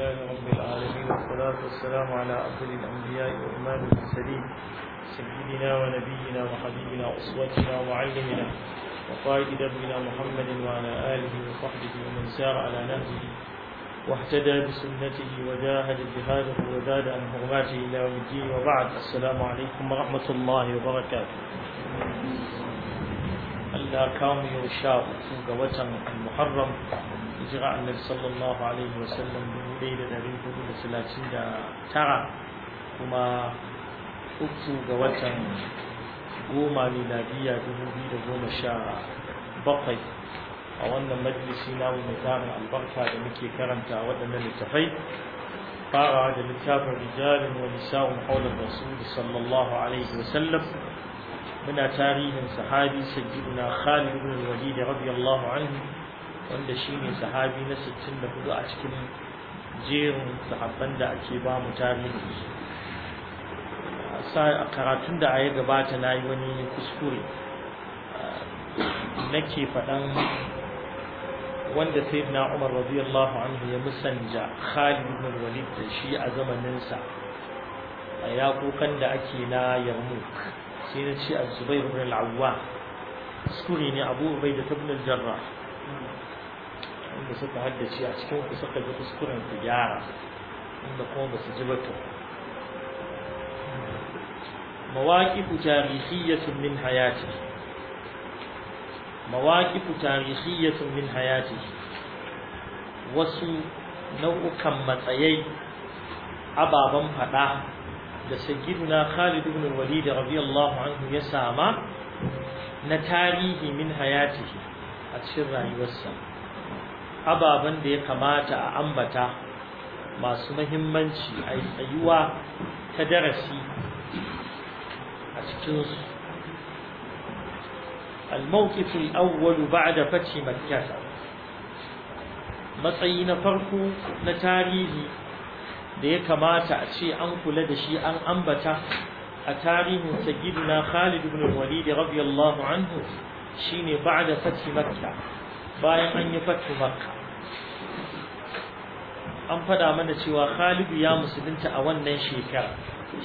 لله رب العالمين والصلاة والسلام على أفضل الأنبياء وإمام المرسلين سيدنا ونبينا وحبيبنا وأسوتنا وعلمنا وقائد دبنا محمد وعلى آله وصحبه ومن سار على نهجه واهتدى بسنته وجاهد بهذه وزاد عن حرماته إلى يوم الدين وبعد السلام عليكم ورحمة الله وبركاته الله كامل yau sha uku المحرم hijira annabi sallallahu alaihi wa sallam dubu ɗaya da ɗari hudu da talatin da tara kuma uku ga watan goma miladiya dubu biyu da goma sha bakwai a wannan majalisi na mu tarin albarka da muke karanta waɗannan littafai fara da littafin rijalin wa nisa'un haular rasul sallallahu alaihi wa sallam. muna tarihin sahabi sayyidina khalid ibn walid radiyallahu anhu wanda shi ne sahabi na 64 a cikin jerin sahabban da ake ba mu tarihi a karatun da a ya gabata na yi wani kuskure nake faɗan wanda sai na umar radiyallahu anhu ya musanja khalid ibn walid da shi a zamaninsa a yakokan da ake na yarmouk sai na ce a zubair ibn al kuskure ne abu ubaida ibn al-jarrah inda suka haddace a cikin ku suka ji kuskuren su gyara inda kuma ba su ji ba to mawaqifu tarihiyyatun min hayati mawaqifu tarihiyyatun min hayati wasu nau'ukan matsayai ababan fada da sayyiduna Khalid ibn Walid radiyallahu anhu ya sama na tarihi min hayatihi a cikin rayuwarsa ababen da ya kamata a ambata masu mahimmanci a tsayuwa ta darasi a cikinsu الموقف الأول بعد فتح مكة matsayi na farko na tarihi da ya kamata a ce an kula da shi an ambata a tarihin sayyidina Khalid ibn Walid radiyallahu anhu shine ba'da fath Makkah bayan an yi fatu makka an fada mana cewa khalidu ya musulunta a wannan shekara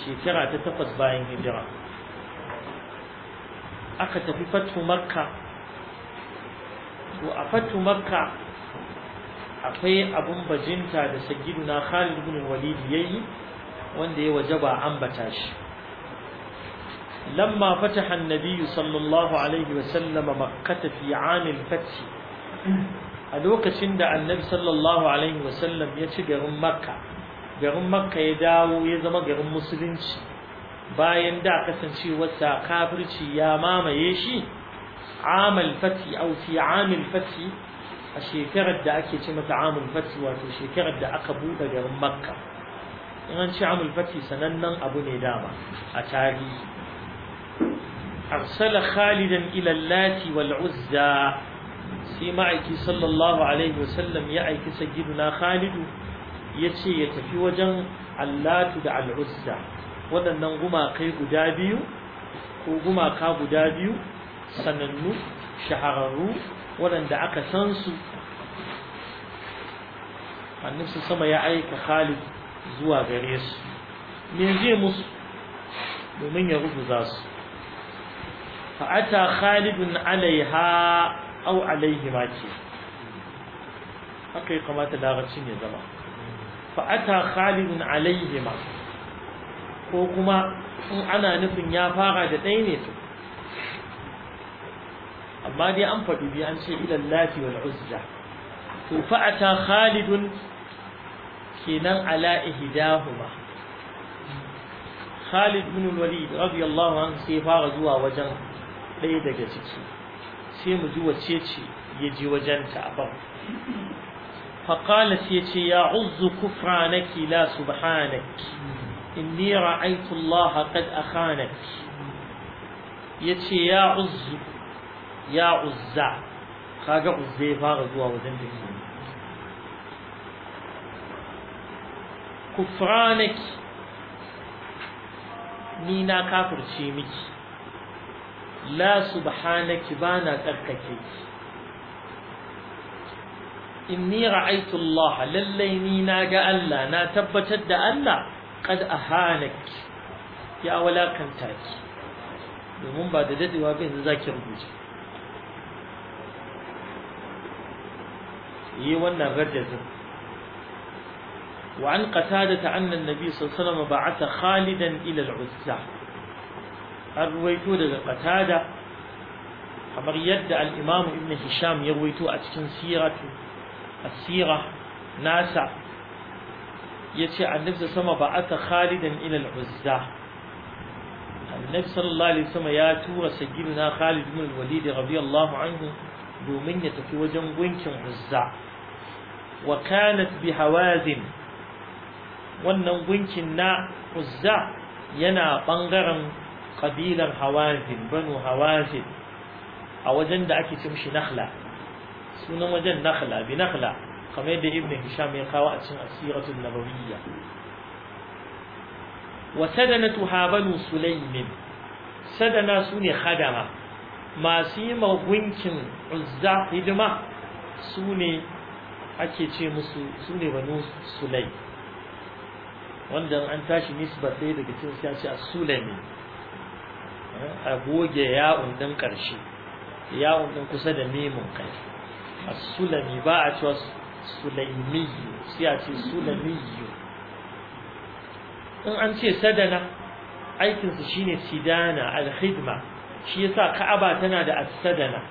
shekara ta takwas bayan hijira aka tafi fatu makka to a fatu makka akwai abun bajinta da na khalid bin walid yayi wanda ya wajaba ambata shi lamma fataha an-nabiy sallallahu alaihi wa sallam makkah fi 'am al-fath a lokacin da annabi sallallahu alaihi wasallam ya ci garin makka garin makka ya dawo ya zama garin musulunci bayan da kasancewarsa kafirci ya mamaye shi amal fati au fi amil fati a shekarar da ake ce mata amul fati wato shekarar da aka buɗe garin makka in an ci amul fati sanannen abu ne dama a tarihi arsala khalidan ila lati wal uzza sai ma'aiki sallallahu alaihi wasallam ya aiki sayyiduna khalidu ya ce ya tafi wajen allatu da al'uzza waɗannan gumakai guda biyu ko gumaka guda biyu sanannu shahararru waɗanda aka san su annabsu sama ya aika khalid zuwa gare su me zai musu domin ya rubuta su fa'ata khalidun alaiha au alaihi ma ce haka kamata larabcin ya zama fa'ata khalidun alaihi ma ko kuma in ana nufin ya fara da ɗaya ne amma dai an faɗi biyu an ce ilan lafi wani uzza to fa'ata khalidun kenan ala ihdahuma Khalid bin Walid radiyallahu an sai fara zuwa wajen ɗaya daga ciki sai mu ji wace ce ya ji wajenta a ban faƙala sai ce ya uzzu kufranaki la subhanaki inni ra'aytu Allah qad akhanaki yace ya uzzu ya uzza kaga uzza ya fara zuwa wajen da ke kufranaki ni na kafirce miki la subhanaki bana tsarkake inni ra'aytu Allah lallai ni na ga Allah na tabbatar da Allah qad ahanaki ya walakanta ki domin ba da dadewa ba yanzu zaki rubuce wannan وعن قتادة أن النبي صلى الله عليه وسلم بعث خالدا إلى العزة an ruwaito daga qatada kamar yadda al imamu ibn hisham ya ruwaito a cikin siratu as-sirah nasa yace annabi sama ba'atha khalidan ila al-uzza annabi sallallahu alaihi wasallam ya tura sayyidina khalid ibn al-walid radiyallahu anhu domin ya tafi wajen gunkin uzza wa kanat bi hawazin wannan gunkin na uzza yana bangaren ƙabilar hawazin banu hawazin a wajen da ake cin shi nakhla sunan wajen nakhla bi nakhla kamar yadda ibn hisham ya kawo a cikin asiratul nabawiyya wa tuha banu sulaym sadana sune khadama masu yi gunkin uzza hidima sune ake ce musu sune banu sulaym wanda an tashi nisba sai daga cikin sai a ce a goge ya'un din karshe ya'un din kusa da mimun kai a sulami ba a cewa sulaimiyyu sai a ce sulamiyyu in an ce sadana aikinsu shine sidana al-khidma shi yasa ka'aba tana da as-sadana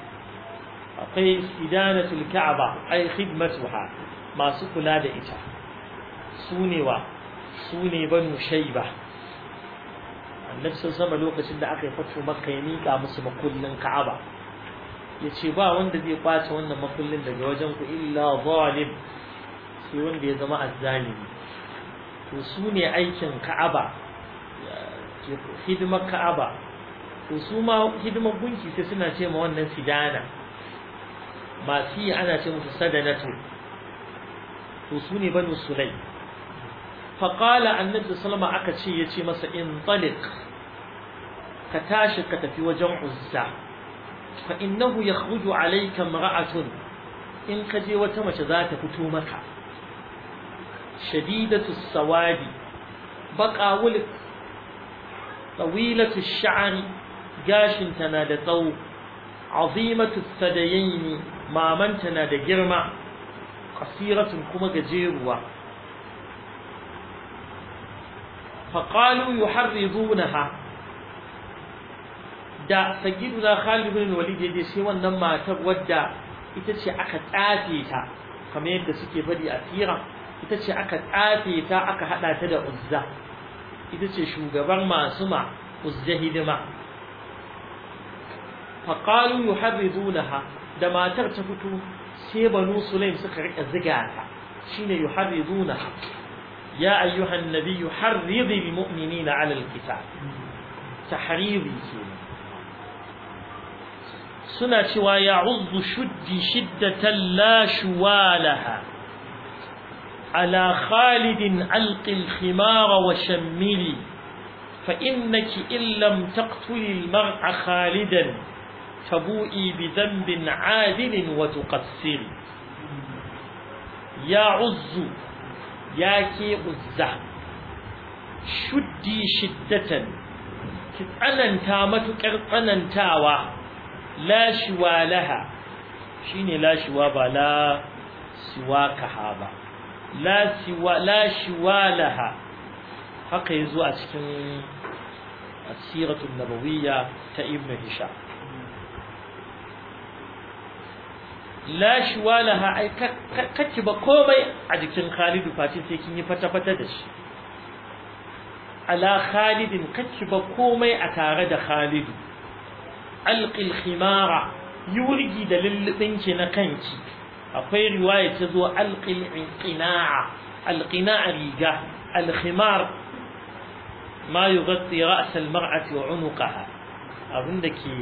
akwai Sidana tul ka'aba ai khidmatuha masu kula da ita sune wa sune banu shayba annabi sun sama lokacin da aka yi fatu makka ya miƙa musu makullin ka'aba ya ce ba wanda zai kwace wannan makullin daga wajen ku illa zalim sai wanda ya zama azzalimi to su ne aikin ka'aba hidimar ka'aba to su ma hidimar gunki sai suna ce ma wannan sidana masu yi ana ce musu sadanatu to su ne banu sulai faƙala annabi sallama aka ce ya ce masa in talik كتاش كتفي وجمع الزا فإنه يخرج عليك امرأة إن كجي وتمش ذات كتومك شديدة السواد بقى ولك طويلة الشعر جاش تناد طو عظيمة الثديين ما من تناد جرمع قصيرة كما جيروا فقالوا يحرضونها da sayyiduna Khalid bin Walid yaje sai wannan matar wadda ita ce aka tsafe ta kamar yadda suke faɗi a tsira ita ce aka tsafe ta aka hada ta da Uzza ita ce shugaban masu ma Uzza hidima faqalu yuharridunaha da matar ta fito sai banu Sulaim suka rika ziga ta shine yuharridunaha ya ayyuhan nabiyyu harridil mu'minina 'ala al-qital tahribi kenan suna cewa ya'udhu shuddi shiddatan la shuwalaha ala khalidin alqi al-khimara wa shammili fa innaki illam taqtuli al-mar'a khalidan tabu'i bi dhanbin 'adilin wa tuqassiri ya'udhu yake uzza shuddi shiddatan ki tsananta matukar tsanantawa la shiwalaha shine la shiwa ba la siwakaha ba la shiwa la shiwalaha haka yazo a cikin asiratu nabawiyya ta ibn hisham la laha ai kake ba komai a jikin Khalidu Fati sai kin yi fata-fata da shi ala Khalidin kake ba komai a tare da Khalidu alqil khimara yi wurgi da lullubinki na kanki akwai riwaya ta zo alqil inqina'a alqina'a riga alkhimar ma yughatti ra's almar'ati wa 'unuqaha abinda ke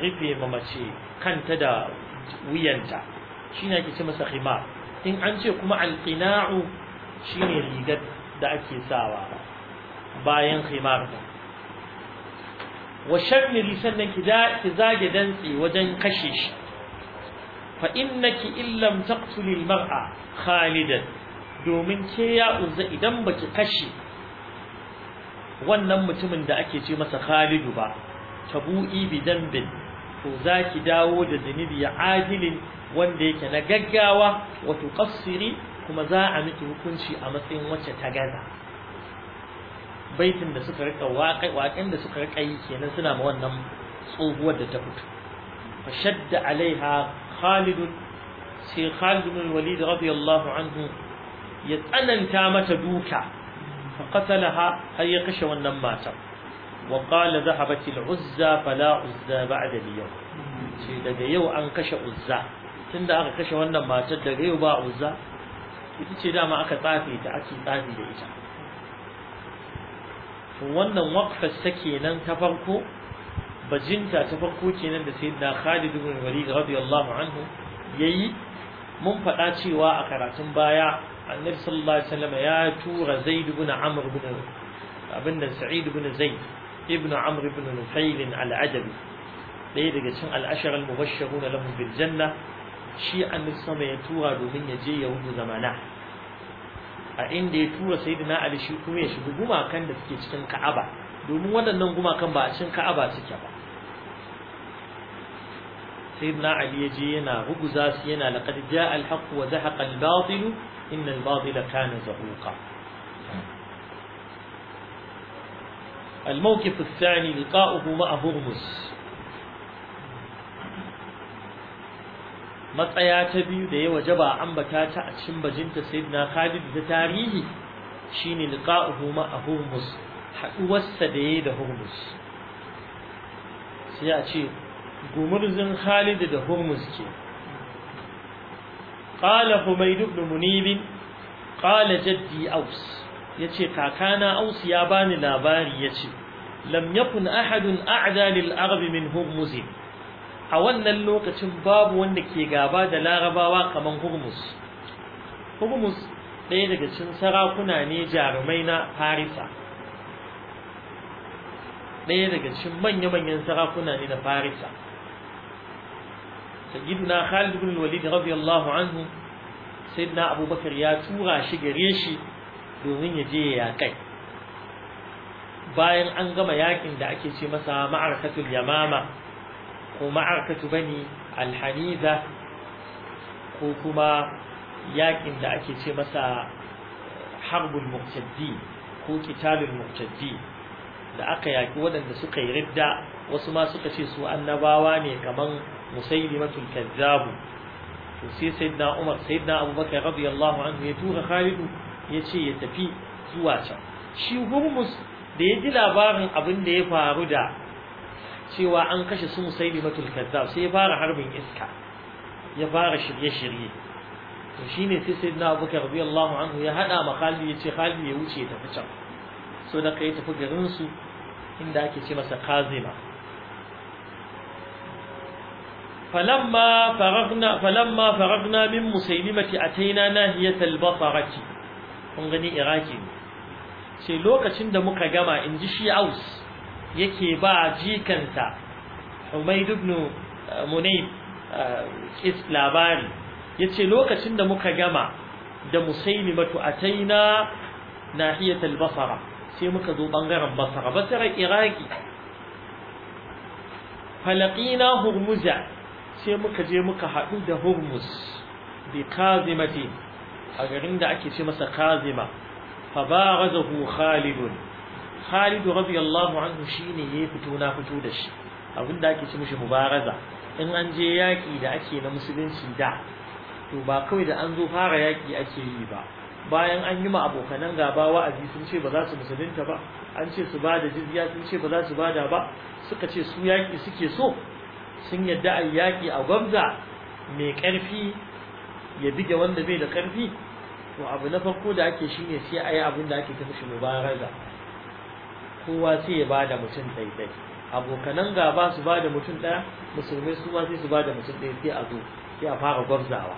rufe mamace kanta da wuyanta ne ake ce masa khimar in an ce kuma shi shine rigar da ake sawa bayan khimar wa shammiri sannan ki zage dantse wajen kashe shi fa innaki illam taqtulil mar'a khalidan domin ke ya uzza idan baki kashe wannan mutumin da ake ce masa khalidu ba tabu'i bi dambin to zaki dawo da zunubi ya adilin wanda yake na gaggawa wa tuqassiri kuma za a miki hukunci a matsayin wacce ta gaza baitin da suka rika waƙin da suka rika yi kenan suna ma wannan tsohuwar da ta fito fa shadda alaiha Khalid sai Khalid bin Walid radiyallahu anhu ya tsananta mata duka fa qatalaha har ya kashe wannan matan wa qala zahabat al-uzza fala uzza ba'da al-yawm sai daga yau an kashe uzza tunda aka kashe wannan matar daga yau ba uzza ita ce dama aka tsafe ta ake tsafi da ita wannan waqfar sa kenan ta farko bajinta ta farko kenan da sayyidina Khalid ibn Walid radiyallahu anhu yayi mun faɗa cewa a karatun baya annabi sallallahu alaihi wasallam ya tura Zaid ibn Amr ibn abin Sa'id ibn Zaid ibn Amr ibn Nufail al-Adabi ɗaya daga cikin al-ashar al-mubashshirun lahum bil janna shi annabi sama ya tura domin ya je ya wuce zamana a inda ya tura sayyidina ali shi kuma ya shiga gumakan da suke cikin ka'aba domin waɗannan gumakan ba a cikin ka'aba suke ba sayyidina ali ya je yana ruguza su yana laqad jaa al-haq wa zahaqa al-batil inna al-batil kana zahuqa الموقف الثاني liqa'uhu ma'a هرمز matsaya ta biyu da ya wajaba ambata ta a cikin bajinta sayyidina Khalid da tarihi shine liqa'uhu ma a haduwarsa da yayi da Hormuz sai a ce gumurzin Khalid da Hormuz ke qala Humayd ibn Munib qala jaddi Aus yace kakana Aus ya bani labari yace lam yakun ahadun a'da lil arab min Hormuz a wannan lokacin babu wanda ke gaba da larabawa kamar hurmus hurmus ɗaya daga cikin sarakuna ne jarumai na farisa ɗaya daga cikin manya-manyan sarakuna ne na farisa sayyiduna khalid bin walid radiyallahu anhu na abubakar ya tura shi gare shi domin ya je ya kai bayan an gama yaƙin da ake ce masa ma'arkatul yamama ko ma'arkatu bani alhaniza ko kuma yakin da ake ce masa eh, harbul muqtaddi ko kitalul muqtaddi da aka yaki waɗanda suka yi ridda wasu ma suka ce su annabawa ne kaman musaylimatul kazzabu to sai sayyidina Umar sayyidina Abubakar radiyallahu anhu ya tura Khalid ya ce ya tafi zuwa can shi Hurmus da ya ji labarin abin da ya faru da cewa an kashe su musailimatul kazzab sai ya fara harbin iska ya fara shirye-shirye to shine sai sayyidina abubakar radiyallahu anhu ya hada ma Khalid ce, Khalid ya wuce tafi can so da kai tafi garin su inda ake ce masa Kazima falamma faragna falamma faragna min musailimati ataina nahiyat al-basarati kun gani iraki ce lokacin da muka gama in ji shi aus yake ba jikanta Umayd ibn uh, Munayb kis uh, labari yace lokacin da muka gama da Musailimatu ataina nahiyat al-Basra sai muka zo bangaren basara, basarar Iraki falaqina Hurmuza sai muka je muka haɗu da hurmus da kazimatin, a garin da ake ce masa Kazima fa barazahu Khalidun Khalid radiyallahu anhu shine ya fito na fito da shi abin da ake ci mishi mubaraza in an je yaƙi da ake na musulunci da to ba kawai da an zo fara yaki ake yi ba bayan an yi ma abokanan gaba wa'azi sun ce ba za su musulunta ba an ce su bada jizya sun ce ba za su bada ba suka ce su yaki suke so sun yadda ayi yaki a gwamza mai karfi ya bige wanda bai da karfi to abu na farko da ake shine sai a yi abin da ake ta mashi mubaraza kowa sai ya bada mutum daidai abokanan gaba su bada mutum daya musulmai su ma sai su bada mutum daya sai a zo sai a fara gwabzawa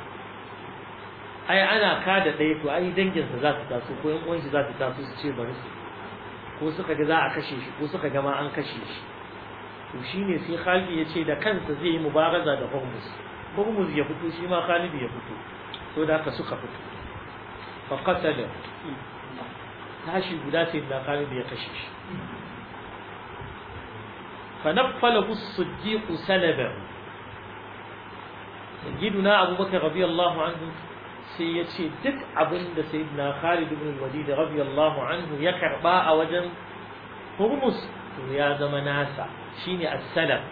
ai ana kada daya to ai dangin sa za su taso ko yan uwan shi za su taso su ce bari su ko suka ga za a kashe shi ko suka ga ma an kashe shi to shine sai khalidi ya ce da kansa zai yi mubaraza da Hormuz Hormuz ya fito shi ma khalidi ya fito to da haka suka fito fa qatala tashi guda sai na da ya kashe shi fa naffalahu as-siddiq salabahu sayyiduna abubakar radiyallahu anhu sai ya ce duk abin da sayyidina Khalid ibn al-Walid radiyallahu anhu ya karba a wajen hurmus to ya zama nasa shine as-salab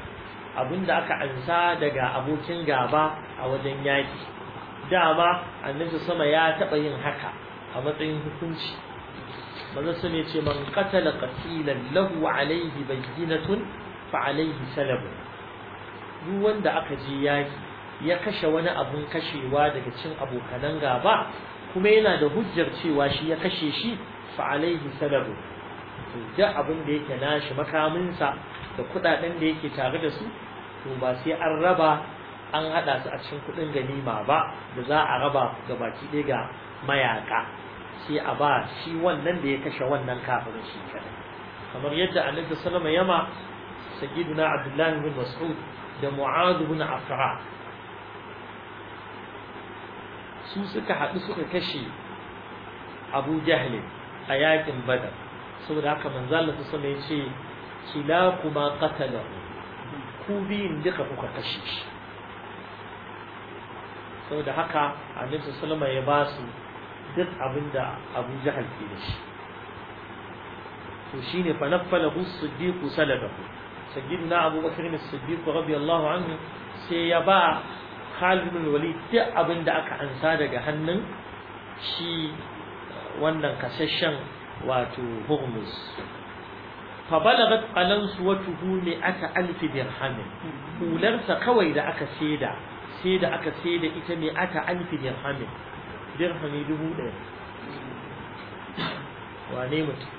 abinda aka ansa daga abokin gaba a wajen yaki dama annabi sama ya taba yin haka a matsayin hukunci manzo sun yace man qatala qatilan lahu alayhi bayyinatun fa alayhi salabu duk wanda aka je yaki ya kashe wani abun kashewa daga cin abokanan gaba kuma yana da hujjar cewa shi ya kashe shi fa alayhi salabu to da abin da yake nashi makaminsa da kudaden da yake tare da su to ba sai an raba an hada su a cikin kudin ganima ba da za a raba gabaki ɗaya ga mayaka sai a ba shi wannan da ya kashe wannan kafirin shi kadai kamar yadda annabi sallallahu alaihi yama sayyiduna abdullahi bin mas'ud da mu'adh bin afra su suka haɗu suka kashe abu jahl a yakin badar saboda haka manzo Allah sallallahu alaihi wasallam ya ce kilakuma qatalahu ku biyun duka kuka kashe shi saboda haka annabi sallallahu alaihi wasallam ya ba su duk abin da abu jahal ke da shi to shine fa naffalahu as-siddiq saladahu na abu bakr as-siddiq radiyallahu anhu sai ya ba Khalid bin Walid duk abin da aka ansa daga hannun shi wannan kasashen wato hurmus fa balagat qalansu wa tuhumi ata alf dirham kularsa kawai da aka seda sai da aka da ita ne aka alf dirham dirhami dubu ɗaya wane mutum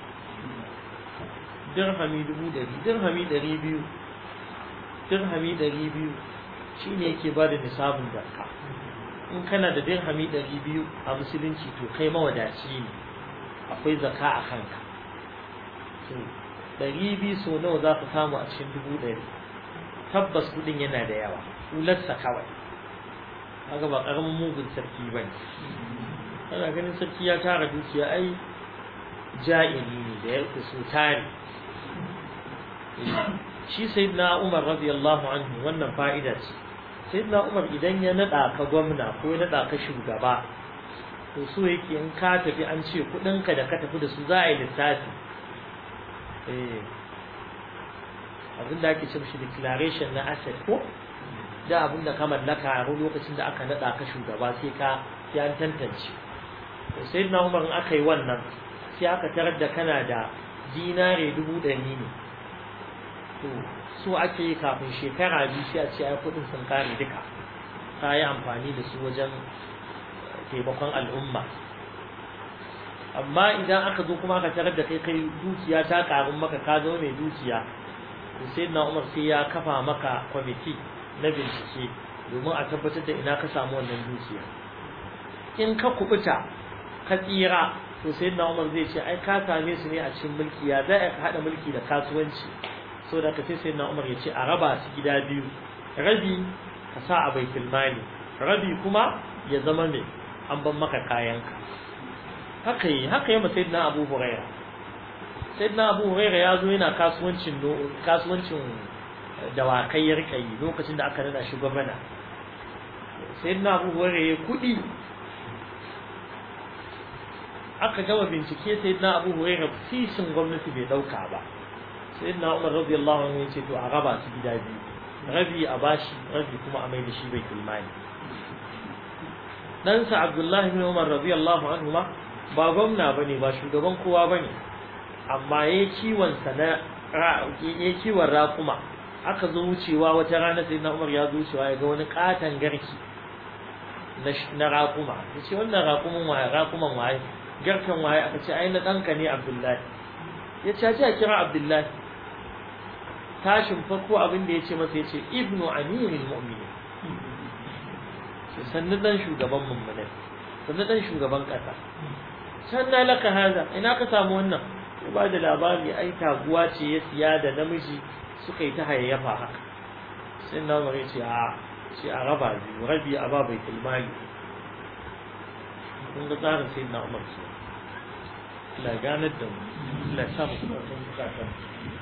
dirhami dubu ɗari dirhami ɗari biyu dirhami ɗari biyu shi ne yake ba da nisabin barka in kana da dirhami ɗari biyu a musulunci to kai mawadaci ne akwai zaka a kanka ɗari biyu so nawa za ka samu a cikin dubu ɗari tabbas kuɗin yana da yawa ularsa kawai kaga ba karamin mugun sarki ba ne ana ganin sarki ya tara dukiya ai ja'iri ne da ya kusu tare shi na Umar radiyallahu anhu wannan fa'ida ce na Umar idan ya nada ka gwamna ko ya nada ka shugaba to so yake in ka tafi an ce kudinka da ka tafi da su za a yi littafi eh, abin da ake cin shi declaration na asset ko da abin da ka mallaka a lokacin da aka nada ka shugaba sai ka sai an tantance sai na umar aka yi wannan sai aka tarar da kana da dinare dubu ɗari ne to so ake yi kafin shekara biyu sai a ce ai kuɗin sun kare duka ka yi amfani da su wajen eh, taimakon al'umma amma idan aka zo kuma aka tarar da kai kai dukiya ta ƙaru maka ka zo mai dukiya sai na umar sai ya kafa maka kwamiti na bincike domin a tabbatar da ina ka samu wannan dukiya in ka kubuta ka tsira to sai na Umar zai ce ai ka same su ne a cikin mulki ya za ka hada mulki da kasuwanci so da ka sai sai na Umar ya ce a raba su gida biyu rabi ka sa a bai filmani rabi kuma ya zama mai an ban maka kayanka haka yi haka yi masai na Abu sai na Abu ya zo yana kasuwancin kasuwancin dawakai ya rika yi lokacin da aka nada shi gwamna sai na abu ya kudi aka gama bincike sai na abu ya fishin gwamnati bai dauka ba sai na umar wani ya ce to a raba su gida biyu rabi a bashi rabi kuma a mai da shi bai kulmani ɗansa abdullahi ibn umar allah wani ma ba gwamna ba ne, ba shugaban kowa ba ne. amma ya ciwon sa na yayi ciwon rakuma aka zo wucewa wata rana sai na Umar ya zo wucewa ya ga wani katan garki na raƙuma ya ce wannan raƙuman waye raƙuman waye garkan waye aka ce ai na ɗanka ne Abdullahi ya ce a kira Abdullahi tashin farko abin da ya ce masa ya ce ibnu amirul mu'minin sannan dan shugaban mummunai sannan dan shugaban ƙasa sannan laka haza ina ka samu wannan Ya ba da labari ai taguwa ce ya siya da namiji suka yi ta hayayyafa haka sai na umar ce a ce a raba biyu rabi a ba bai tilmali kun ga tsarin sai na umar ce la ganar da mu la sa kuma sun